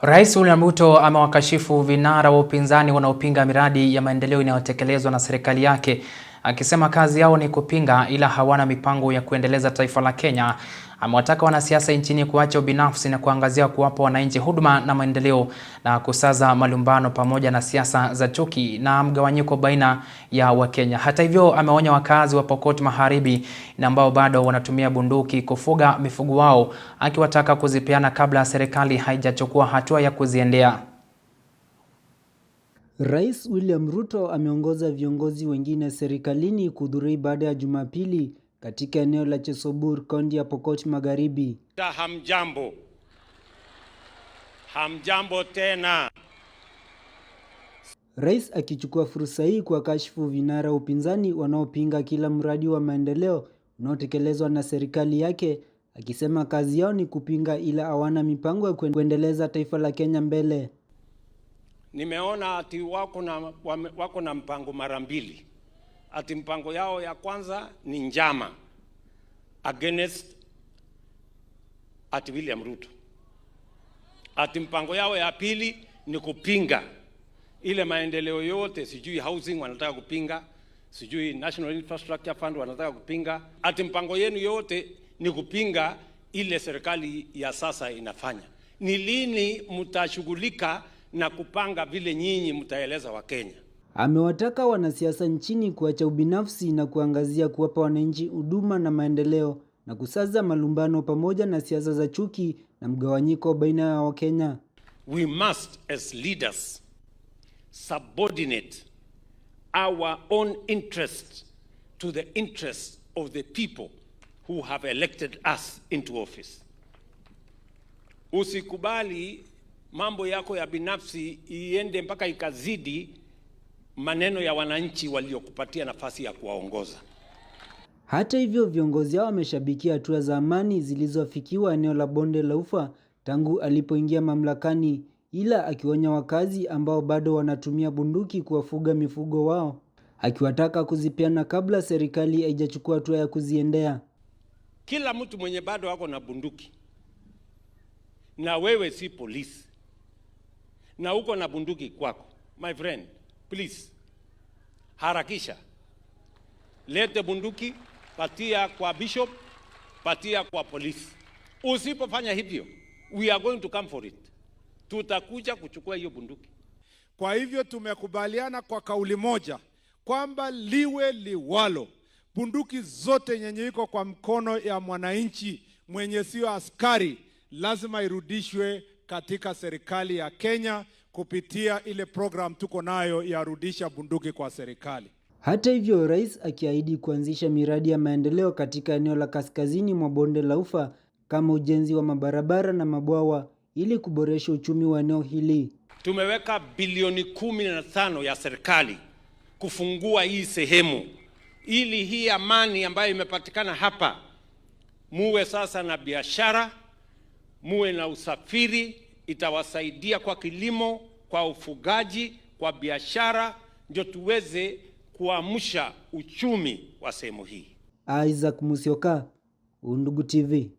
Rais William Ruto amewakashifu vinara wa upinzani wanaopinga miradi ya maendeleo inayotekelezwa na serikali yake akisema kazi yao ni kupinga ila hawana mipango ya kuendeleza taifa la Kenya. Amewataka wanasiasa nchini kuacha ubinafsi na kuangazia kuwapa wananchi huduma na maendeleo na kusaza malumbano pamoja na siasa za chuki na mgawanyiko baina ya Wakenya. Hata hivyo, ameonya wakazi wa Pokot Magharibi na ambao bado wanatumia bunduki kufuga mifugo wao, akiwataka kuzipeana kabla serikali haijachukua hatua ya kuziendea. Rais William Ruto ameongoza viongozi wengine serikalini kuhudhuria ibada ya Jumapili katika eneo la Chesobur, kaunti ya Pokot Magharibi. Hamjambo, hamjambo tena. Rais akichukua fursa hii kuwakashifu vinara upinzani wanaopinga kila mradi wa maendeleo unaotekelezwa na serikali yake, akisema kazi yao ni kupinga ila hawana mipango ya kuendeleza taifa la Kenya mbele nimeona ati wako na, wako na mpango mara mbili, ati mpango yao ya kwanza ni njama against ati William Ruto, ati mpango yao ya pili ni kupinga ile maendeleo yote, sijui housing wanataka kupinga, sijui National Infrastructure Fund wanataka kupinga, ati mpango yenu yote ni kupinga ile serikali ya sasa inafanya. Ni lini mtashughulika na kupanga vile nyinyi mtaeleza Wakenya. Amewataka wanasiasa nchini kuacha ubinafsi na kuangazia kuwapa wananchi huduma na maendeleo na kusaza malumbano pamoja na siasa za chuki na mgawanyiko baina ya Wakenya. We must as leaders subordinate our own interest to the interest of the people who have elected us into office. Usikubali mambo yako ya binafsi iende mpaka ikazidi maneno ya wananchi waliokupatia nafasi ya kuwaongoza. Hata hivyo, viongozi hao wameshabikia hatua za amani zilizofikiwa eneo la Bonde la Ufa tangu alipoingia mamlakani, ila akionya wakazi ambao bado wanatumia bunduki kuwafuga mifugo wao, akiwataka kuzipiana kabla serikali haijachukua hatua ya kuziendea. Kila mtu mwenye bado ako na bunduki, na wewe si polisi na uko na bunduki kwako, my friend, please harakisha, lete bunduki, patia kwa bishop, patia kwa polisi. Usipofanya hivyo, we are going to come for it, tutakuja kuchukua hiyo bunduki. Kwa hivyo tumekubaliana kwa kauli moja kwamba liwe liwalo, bunduki zote yenye iko kwa mkono ya mwananchi mwenye sio askari lazima irudishwe katika serikali ya Kenya kupitia ile program tuko nayo ya rudisha bunduki kwa serikali. Hata hivyo, rais akiahidi kuanzisha miradi ya maendeleo katika eneo la kaskazini mwa bonde la Ufa kama ujenzi wa mabarabara na mabwawa ili kuboresha uchumi wa eneo hili. Tumeweka bilioni kumi na tano ya serikali kufungua hii sehemu ili hii amani ambayo imepatikana hapa muwe sasa na biashara muwe na usafiri, itawasaidia kwa kilimo, kwa ufugaji, kwa biashara, ndio tuweze kuamsha uchumi wa sehemu hii. Isaac Musioka, Undugu TV.